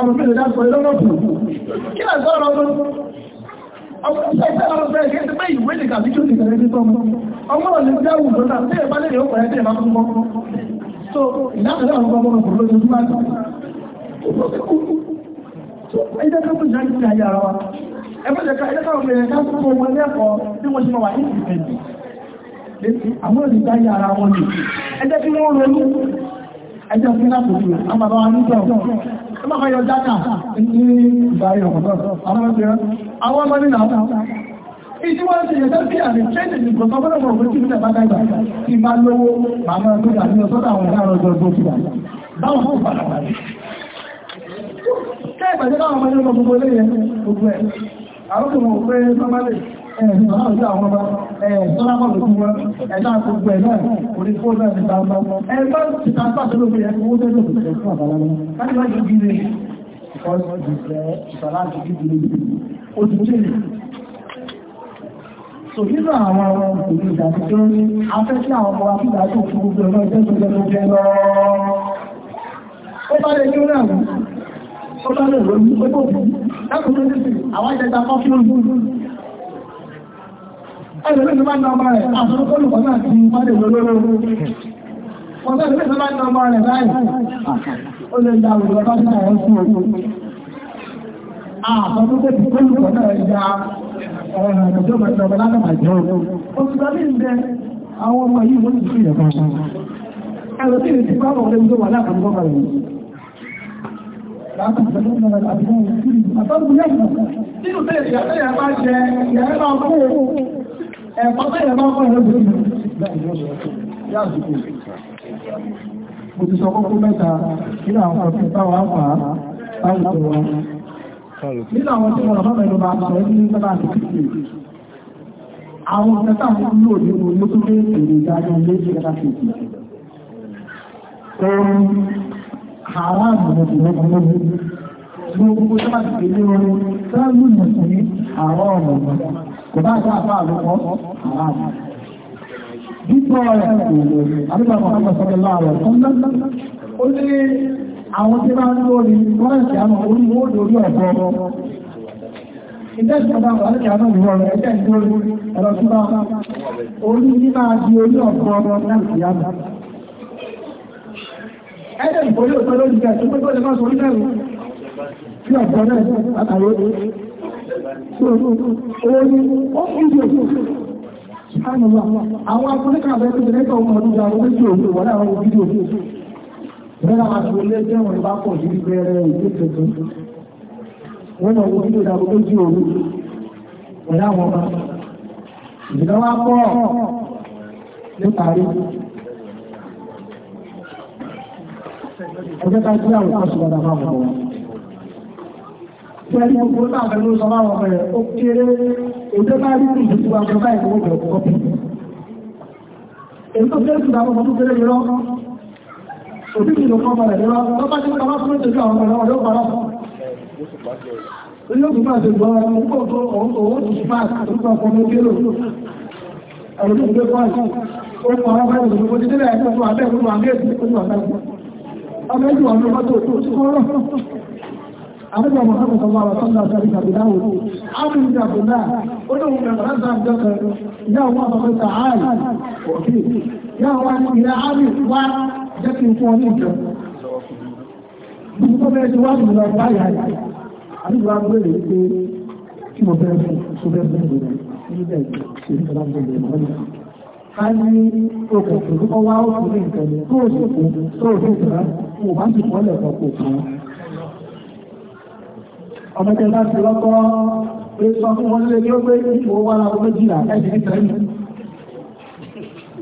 ọmọ pẹ̀lú dákọ̀ lọ́rọ̀kù so là sọ́rọ̀ ọmọ ọmọ ìṣẹ́ ọmọ pẹ̀lú kí ẹgbẹ́ ìwé lè kàbí kí ó lè tẹ̀lé títọ́ ọmọ ọ̀lẹ́ dáwù lọ́ta tí ẹ bá lè ó pẹ̀lẹ́ tẹ̀lé máa fún ọmọ so ìdáhùn náà ọmọ ọmọ kòrò lójú máa tó ẹjẹ́ ká tó jáde sí ayé ara wa ẹgbẹ́ ká ẹjẹ́ ká ọmọ ẹ̀ká tó kó wọn lẹ́kọ̀ọ́ tí wọ́n ṣe máa wà ní ìfẹ̀yìn àwọn òdìgbà ayé ara wọn ni ẹjẹ́ kí wọ́n ronú ẹjẹ́ fún lápòjú àmàbáwa nígbà ọ̀gbọ̀n ẹ máa yọ jákà ní ìbáyé ọ̀pọ̀ àwọn ọmọdé àwọn ọmọdé náà ìdí wọ́n ti yẹ̀sẹ́ bí àrí ṣẹ́ẹ̀dì ní gbogbo ọgbọ́n ọgbọ́n ọgbọ́n tí ó bá dáìbà tí máa lówó màmá tó dà ní ọ̀sọ́dọ̀ àwọn ọ̀gá ọjọ́ ọjọ́ ti wà báwọn fún padà wà ní kẹ́ ìpàdé láwọn ọmọdé ọgbọ́n gbogbo ilé yẹn gbogbo ẹ̀ àwọn ọmọ òfin sọmọlẹ̀ ẹ̀sùn àwọn ìjọ àwọn ọba ẹ̀sùn àwọn olùkún wọn ẹ̀dá gbogbo ẹ̀ náà orí fóònù náà ti ta ọba ẹgbẹ́ ti ta pàtó lóbi ẹ̀ fún owó tẹ́lẹ̀ òkùnkùn fún àbálá wọn láti wá ju bí rẹ̀ ìfọ́sọ́ ju fẹ́ ìfọ́lá ju bí rẹ̀ ó ti tẹ́lẹ̀ so nínú àwọn ọmọ òkùnrin ìdàbí tó ń afẹ́ sí àwọn ọmọ akíkà tó fún gbogbo ọmọ ẹgbẹ́ tó jẹ́ lójẹ́ lọ ó bá lè ní ó náà ó bá lè lóyún ó bò bí lákòókò nítorí àwọn ìjẹta kọfí lóyún ẹlẹ́gbẹ̀ẹ́ àwọn ọmọ yìí wọ́n ti fi ẹ̀kọ́ ọ̀sán ẹ̀rọ tí ìrètí bá wọ̀ lẹ́yìn tó wà látàmà Àtọ́kùnrin àti àtọ́kùnrin nínú bẹ́ẹ̀ ìyàtọ̀ ìyàpá jẹ ìyàrá ọkọ̀ ẹ̀kọ́ bẹ́ẹ̀ bá kọ́ ẹ̀rọ ìlú mo ti sọ kókó mẹ́ta nínú àwọn ọ̀pọ̀ táwọn àpá láwùjọ wa nínú àwọn tí wọ́n fọ́nà ìlú máa sọ ní sábà àti àwọn kẹta ń lò nínú mọ́túnlé èrè ìdájọ́ méjì kẹta kejì orin àwọn àgbẹ̀mọ̀tìmọ̀ kò bá jẹ́ àfáà lọ́pọ̀ àràmù. Bíbọ̀ rẹ̀ àdúgbà Mọ̀hánà sọ́dọ̀ láàrọ̀ ó ní àwọn tí máa ń lórí wọ́nàtí àmà oríwó lórí ọ̀pọ̀ Ìjẹ́sọ̀dá àti àwọn ìwọ̀n ẹgbẹ́ ìjọ́rú ẹ̀rọ tí bá orí ní máa di orí ọ̀pọ̀ ọmọ láti yàmà. Ẹgbẹ́ ìfòrí òtọ́ lórí ẹ̀ tó gbogbo ẹgbẹ́ Àwọn akọ́lẹ́kà àbẹ́kù ìrẹ́kọ̀ ọmọ ọdún àwọn méjì òun wọ́n láwọn òbídò. Bẹ́rẹ̀ àti olé jẹ́wọ̀n bá pọ̀ sí bẹ̀rẹ̀ ìlú tuntun. Wọ́n mọ̀ òbídò àwọn méjì òun wọ́n láwọn pẹ̀lú gbogbo láàrín ló sọ láwọn ọmọ rẹ̀ ó kéré òjò bá rí ìlú tí wọ́n bá ìwọ̀n jọ kọ́pì. èyí tó kéré ìgbà ọmọ tó kéré yọrọ òbí ìlú kan ọmọ rẹ̀ yọrọ tó bá ti ń kọ́lá fún ìtòjú àwọn ọmọ ọdọ́ pàrọ̀. ilé òkú máa ti gbọ́ ọmọ kó tó òun tó òun ti máa tó gbọ́ ọmọ kéré ẹ̀rọ tó gbé kọ́ àti ó mọ àwọn ọmọ ìlú tó ti délẹ̀ ẹ̀kọ́ tó àbẹ́ ìlú àgbẹ̀ ìlú tó ti wà àdúgbò Muhammad sallallahu alaihi wasallam sáré tàbí dáwò ábí ní àbúlá ó ní òun mẹ́rin láti àbújá kan ìyá òun àbújá ta áàlì òkè ìyá òun àti ìyá áàlì wá jẹ́ kí n fún ọ ní ìjọ. Gbogbo bẹ́ẹ̀ ti wá ní ìlọ báyà yìí. Àdúgbò àbúrò rẹ̀ pé kí mo bẹ́ẹ̀ fún ṣó bẹ́ẹ̀ fún ìlú nígbà ìṣe ìjọba gbogbo ìmọ̀lẹ́. Ká ní okòkò wá òkú ní ìtẹ̀lẹ̀ tó òṣèkò tó òṣèkò rẹ̀ kò bá ti kọ́lẹ̀ ọ̀pọ̀ kan ọmọdé náà ti lọ́kọ́ pé sọ fún wọn lé yóò gbé ìwò wà láwọn méjìlá ẹ̀jẹ̀ nítorí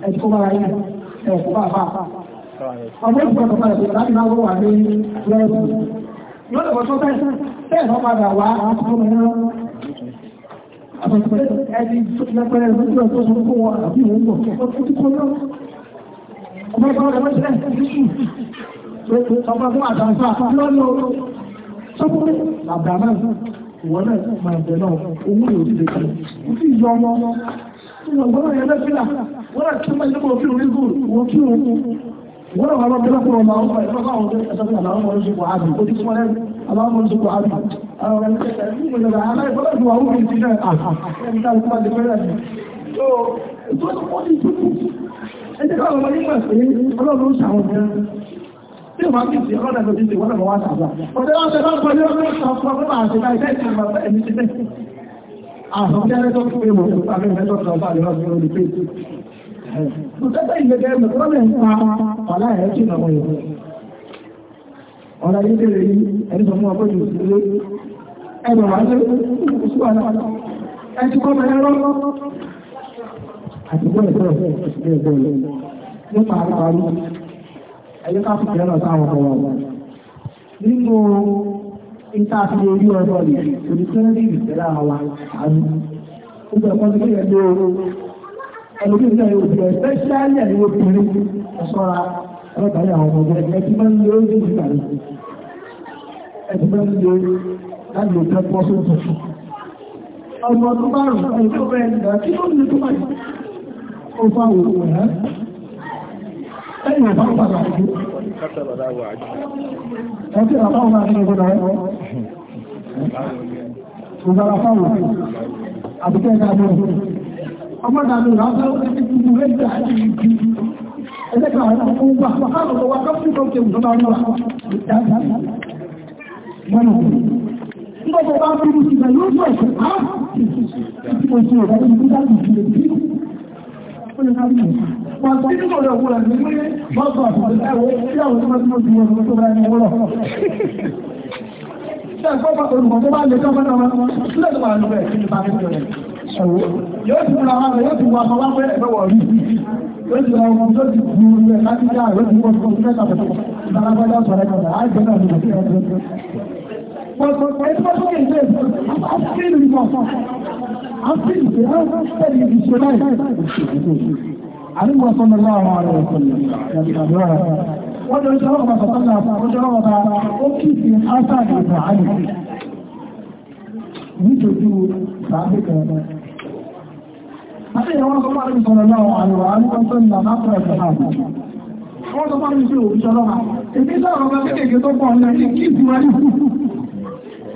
ẹ̀jẹ̀ kó bára yẹn ẹ̀ kó bá bá ọmọ ìgbà tó padà bẹ̀rẹ̀ láti náwó wà ní lẹ́ẹ̀kù yóò lọ́wọ́ tó bẹ́ẹ̀ sọ́kúnlẹ̀ bàbá náà ìwọ náà máa bẹ̀ náà owó yóò ti dèkì ó sì yọ ọmọ ọgbọ́n yẹn lẹ́fílà wọ́n rà kí máa yẹ kó kí orí gò wọ́n kí òun wọ́n rà wọ́n bẹ̀rẹ̀ fún ọmọ ọmọ ẹ̀fọ́ báwọn ọdún ẹ̀sọ́ fún àwọn ọmọ oṣù kò àbí ó ti fún ọlẹ́rú àwọn ọmọ oṣù kò àbí àwọn ọmọ ẹ̀fọ́ báwọn ọmọ oṣù kò tí wọ́n ti ṣe ọlọ́dà tó ti ṣe wọ́n lọ́wọ́ wá sàbà. Ọ̀dẹ́ wá sẹ́fà pẹ̀lú ọdún ọ̀pọ̀ pẹ̀lú àti láì bẹ́ẹ̀ ti mọ̀ ẹni ti bẹ́ẹ̀. Àwọn ọmọdé ẹni tó kú pé mo fún àmì ẹni tó kọ̀ bá àlọ́ ọdún olùgbé. Mo tẹ́tẹ́ ìgbẹ́gẹ́ mi tó lè pa ọ̀la ẹ̀ tí mọ̀ wọ̀nyí. Ọ̀la yìí bèrè yìí ẹni tó mú ọkọ̀ ẹ̀yẹ ká fi kẹ́rọ̀ sáwọn ọmọ wọn. Nínú ìta àti orí ọ̀rọ̀ rẹ̀, olùsẹ́rẹ́lì ìfẹ́lá wa àánú. Ó bẹ̀rẹ̀ pọ́n sí ẹ̀lú oró. Ẹ̀lú kí ìfẹ́ yóò bẹ̀rẹ̀ especially ẹ̀lú obìnrin ọ̀ṣọ́ra ọlọ́bàáyà àwọn ọmọ ẹgbẹ́ tí máa ń lo orí ìgbà rẹ̀. Ẹ̀sìn máa ń lo láti lè tẹ́pọ́ sóhun tuntun. Ọmọ ọdún márùn-ún ọdún tó bẹ̀rẹ̀ nígbà tí ó ń lo tó máa ń fa òkú ẹ̀ ẹ̀yìn ìbá padà àjú ẹ̀tí àbáwọn máa ṣe ìgbọ́nà ẹ̀kọ́ ìgbàra fáwọn àbíkẹ́ ìdájọ́ ọmọ ìdájọ́ ìrántọ́ ìgbìyànjú rẹ̀ jẹ́ àti ìgbìyànjú ẹlẹ́kà àwọn ọmọ ọgbà pàtàkì ọwọ́ akọ́kùnrin tó kéwù tó bá ń lọ mọ́nà nígbàtọ̀ bá ń bí ìgbà yóò jọ ẹ̀kọ́ Yóò ti múra wá rẹ̀ yóò ti wà fọwọ́ pẹ́ ẹ̀fẹ́wọ̀ rí. Yóò ti ra ọmọ tó ti kú rẹ̀ láti jẹ́ àrẹ́ tí wọ́n ti kọ́ sí mẹ́ta pẹ̀lú. Ìdára bọ́lá sọ̀rọ̀ ẹ̀kọ́ rẹ̀, àìjẹ́ náà ni kò sí ẹ̀kọ́ Àríwọ̀ sọ́nà láàrin ààrẹ òṣèlú, ìyàdìdàdìwà rẹ̀. Wọ́n lọ ṣe ọ̀rọ̀ bàtà sọ́nà àpá, ó ṣe ọ̀rọ̀ bàtà ó kìí sí ásáàdì ìgbà ààrẹ. Nítorí sàábẹ̀ kẹrẹ. Àríwọ̀ sọ́nà láàrin ààrẹ òṣèlú, àríwọ̀ Wọ́n tó bá ní sí òbíṣọ́lọ́mà. Èmi sọ̀rọ̀ ọmọ kéèkéé tó pọ̀ ọ̀nà ní kí ìsinmi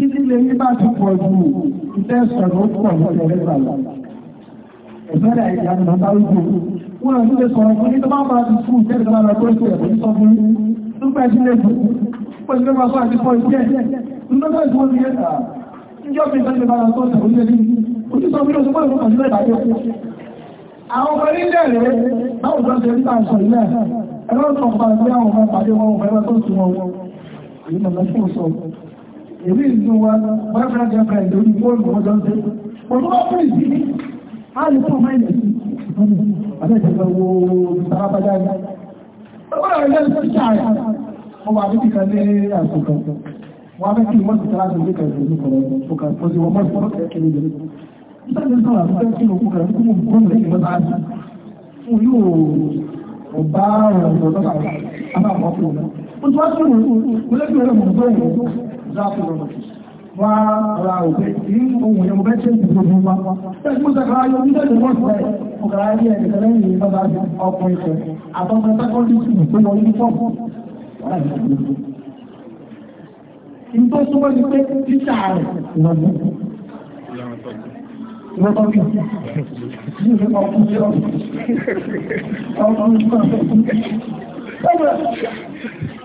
títí lè ní bá ti pọ̀ ju ìfẹ́ sọ̀rọ̀ pọ̀ lọ́dọ̀ rẹ̀gbà lọ. Ẹ̀fẹ́rẹ̀ ìyá ni bàbá rúgbò. Wọ́n lọ sílé sọ̀rọ̀ fún nígbà máa bá ti fún ìfẹ́ ìgbà lọ tó ṣe ẹ̀kọ́ sọ fún nígbà tí lè dùn. Ó ti lọ́wọ́ àti pọ̀ ìfẹ́. Nígbà tí wọ́n ti yẹ ta, ìjọ mi ìfẹ́ Àwọn ọmọ ní ilé rẹ̀ báwo lọ ṣe nípa ilẹ̀ ẹ̀rọ tó ń pa àwọn ọmọ pàdé wọn ọmọ ẹgbẹ́ tó sùn wọn. Èyí mọ̀ lọ fún èmi ìlú wa bákan jẹ́ka ìlórí fóònù ọjọ́ ṣe pẹ̀lú ọkùnrin sí ní àlùkò mẹ́lẹ̀ sí àbẹ́jẹ̀kẹ́ wo sábàbájá yá ọgbọ́n rẹ̀ lẹ́nu sí ṣáàyà wọ́n wà níbi kan ní àsìkò wọ́n á mẹ́kí wọ́n ti tẹ́lá sí ilé kẹ̀kẹ́ ní kọ̀rọ̀ ọkà tó ti wọ́n mọ́sí fọ́nà kẹ̀kẹ́ ní ìlú ìtàkì sọ̀rọ̀ àti bẹ́ẹ̀ kí ló kú kẹ̀kẹ́ kú mú gbọ́n rẹ̀ ìwọ́n bá dì fún yóò ọba ọ̀rọ̀ ọ̀dọ́ záàpù lọ́wọ́ wá ra òbẹ́ tí ohun èèyàn bẹ́ ṣe ìdìbò fún wa tẹ́sí mú sàkàrà yóò ní tẹ́lẹ̀ wọ́n sẹ́ ọkàrà ayé ẹ̀ nìkẹ́lẹ́ ìrìn bàbá ọkọ̀ ìfẹ́ àtọ́kọ̀ sẹ́kọ́ndì sí tó wọ ní fọ́ọ̀mù ní tó súnmọ́ ní pé títà rẹ̀ lọ́dún Ìwọ́tọ́bí, ní ìlú ọkùnrin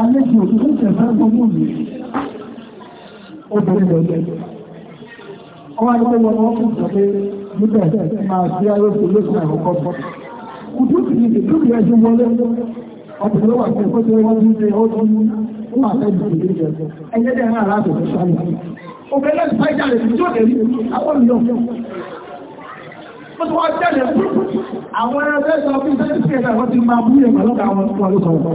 alẹ́jì òṣìṣẹ́ ìjẹ̀fẹ́ gbogbo mi obìnrin rẹ̀ lẹ́ ọwọ́ adúgbò wọn wọ́n fún ìjọba níbẹ̀ máa ṣe ayé òṣèlú lóṣù àkọ́kọ́ bọ́ kùtù sì ní ìtúbi ẹjọ́ wọlé ọkùnrin wà sí ẹ̀kọ́ tó wọ́n ní ṣe ó tún fún àtẹ́jú ìdílé rẹ̀ ẹgbẹ́ dẹ̀ náà láti ọ̀sẹ̀ sáré obìnrin náà ti fẹ́ jáde tí ó tẹ̀lé àwọn ènìyàn Wọ́n ti wá jáde àwọn ẹgbẹ́ sọ fún ìṣẹ́jú sí ẹ̀dá wọ́n ti máa bú ẹ̀mọ̀ lọ́dọ̀ àwọn ọ̀pọ̀ àlùkọ̀ọ̀kọ̀.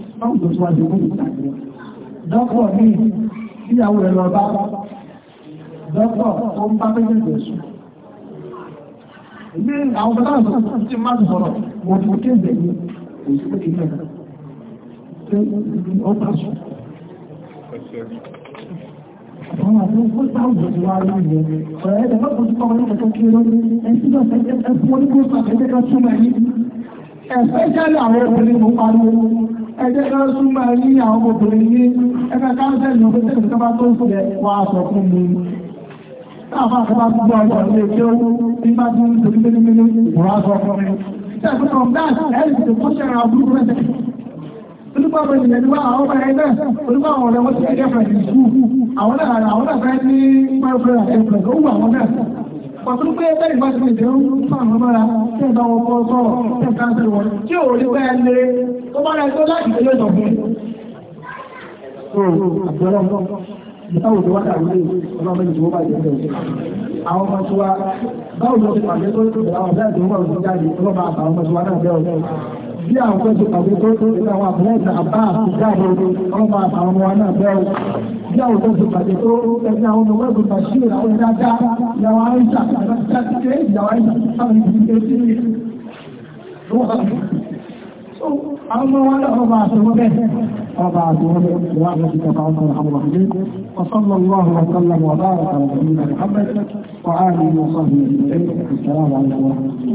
Tọ́ǹtò tó wà ní ọdún ìtàkì. Dọ́kọ̀ ní ìyàwó rẹ̀ lọ bá dọ́kọ̀ tó ń bá méjèèjì sùn. Ilé àwọn bàbá àgbà ti máa sọ̀rọ̀ mo fún kéde ní òṣìṣẹ́ ìlẹ̀ pé ó bá sùn. Àwọn àti ó táwùjọ ti wá rí ìyẹn. Ọ̀rọ̀ ẹ̀dẹ̀ lọ́pọ̀ tó kọ́kọ́ lọ́pọ̀ tó kí lórí ẹ̀sìn náà ẹ̀fún onígbòsàn àti ẹ̀dẹ́gbẹ́ súnmọ́ ẹ̀yìn. Ẹ̀fẹ́ jálẹ̀ àwọn obìnrin mo pariwo ẹjẹ́ ká súnmọ́ ní àwọn ọmọbìnrin ní ẹka káńsẹ̀lì ọ̀pẹ́ tó bá tó ń fẹ́ wá sọ fún mi táàbà tó bá ọjọ́ ilé tí ó ní bá tó ní mímí wá mi tẹ́lẹ̀ tó bá ẹ̀rì tó kó ṣẹ̀rẹ̀ ní wá àwọn ọmọ ẹgbẹ́, olúkọ́ àwọn ẹgbẹ́ pẹ̀lú ìṣú, àwọn náà àwọn náà fẹ́ ní pẹ́ẹ́pẹ́ẹ́ àti ẹgbẹ́ àwọn náà pàtó pé bẹ́ẹ̀ bá fún àwọn mọ́ra tẹ́ ẹ bá wọn kọ́ sọ̀rọ̀ tẹ́ ẹ bá ń tí ò rí pé lé tó bá rẹ tó láti ilé ìtọ̀ fún. tó àbúrò ìtawò tó wá dàrú lé ọlọ́run méjì tó wá bàjẹ́ bẹ́ẹ̀ àwọn ọmọ tiwa báwo ló ti pàdé tó ìgbà àwọn ọ̀gá ìdòwò ọ̀gá ìdòwò jáde ọlọ́run àtàwọn ọmọ tiwa náà bẹ́ẹ̀ ọ̀gá bí àwọn fẹ́sọ̀ pàdé tó tó ní àwọn àbúrẹ́sà àbá àfijáde ọmọ àwọn ọmọ náà bẹ́ẹ̀ bí àwọn fẹ́sọ̀ pàdé tó ẹni àwọn ọmọ ẹgbẹ́ bàṣír àwọn ẹ̀dá dá ìyàwó àìsà àtàkìkẹ́ ìyàwó àìsà àwọn ìdílé tí àwọn ọmọ wọn náà ọba àtọwọ́ bẹ́ẹ̀ ọba àtọwọ́ bẹ́ẹ̀ wà ní ìjọba ọmọ àwọn ọmọdé وصلى الله وسلم وبارك على نبينا محمد وعلى اله وصحبه اجمعين السلام عليكم ورحمه الله